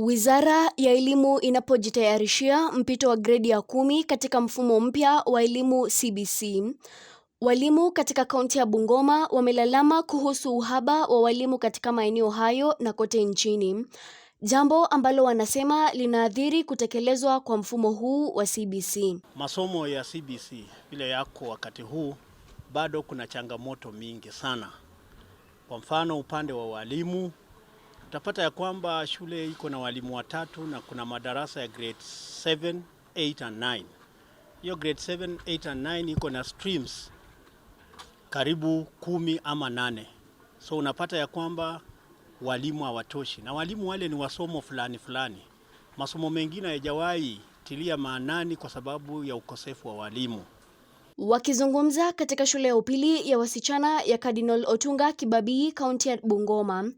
Wizara ya Elimu inapojitayarishia mpito wa gredi ya kumi katika mfumo mpya wa elimu CBC. Walimu katika kaunti ya Bungoma wamelalama kuhusu uhaba wa walimu katika maeneo hayo na kote nchini. Jambo ambalo wanasema linaathiri kutekelezwa kwa mfumo huu wa CBC. Masomo ya CBC vile yako wakati huu bado kuna changamoto mingi sana. Kwa mfano upande wa walimu utapata ya kwamba shule iko na walimu watatu na kuna madarasa ya grade 7, 8 and 9. Hiyo grade 7, 8 and 9 iko na streams karibu kumi ama nane, so unapata ya kwamba walimu hawatoshi, na walimu wale ni wasomo fulani fulani, masomo mengine hayajawahi tilia maanani kwa sababu ya ukosefu wa walimu. Wakizungumza katika shule ya upili ya wasichana ya Cardinal Otunga Kibabii, kaunti ya Bungoma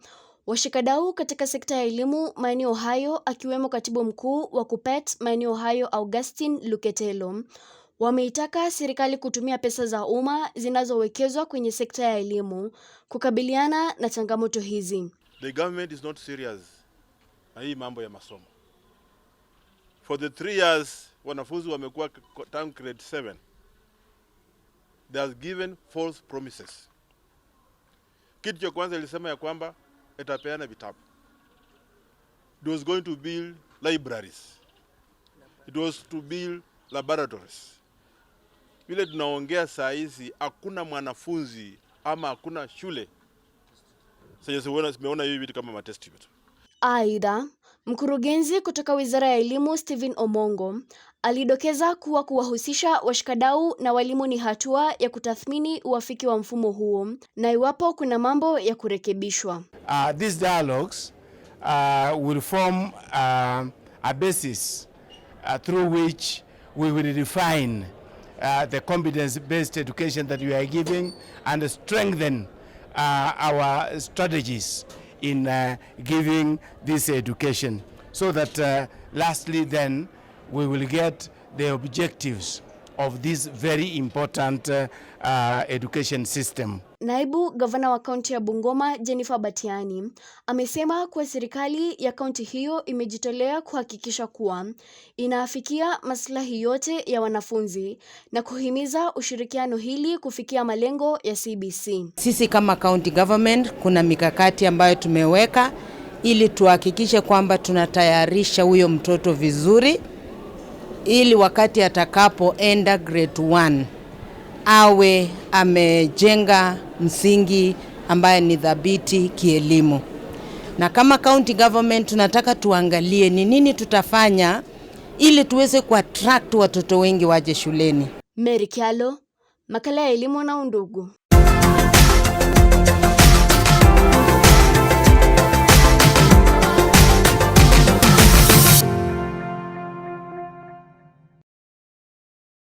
Washikadau katika sekta ya elimu maeneo hayo akiwemo Katibu Mkuu wa KUPPET maeneo hayo Augustine Luketelo wameitaka serikali kutumia pesa za umma zinazowekezwa kwenye sekta ya elimu kukabiliana na changamoto hizi. The government is not serious na hii mambo ya masomo. For the three years wanafunzi wamekuwa tangu grade 7. They have given false promises. Kitu cha kwanza ilisema ya kwamba itapeana vitabu. It was going to build libraries. It was to build laboratories. Vile tunaongea saa hizi hakuna mwanafunzi ama hakuna shule zenye zimeona hivi vitu kama matest. Aidha, Mkurugenzi kutoka Wizara ya Elimu, Stephen Omongo, alidokeza kuwa kuwahusisha washikadau na walimu ni hatua ya kutathmini uafiki wa mfumo huo na iwapo kuna mambo ya kurekebishwa. Uh, these dialogues uh, will form uh, a basis uh, through which we will refine uh, the competence based education that we are giving and strengthen uh, our strategies in uh, giving this education so that uh, lastly then we will get the objectives of this very important uh, uh, education system. Naibu gavana wa kaunti ya Bungoma Jennifer Batiani amesema kuwa serikali ya kaunti hiyo imejitolea kuhakikisha kuwa inaafikia maslahi yote ya wanafunzi na kuhimiza ushirikiano hili kufikia malengo ya CBC. Sisi kama county government kuna mikakati ambayo tumeweka ili tuhakikishe kwamba tunatayarisha huyo mtoto vizuri ili wakati atakapoenda grade 1 awe amejenga msingi ambaye ni dhabiti kielimu. Na kama county government tunataka tuangalie ni nini tutafanya ili tuweze kuattract watoto wengi waje shuleni. Mary Kyalo, makala ya elimu na Undugu.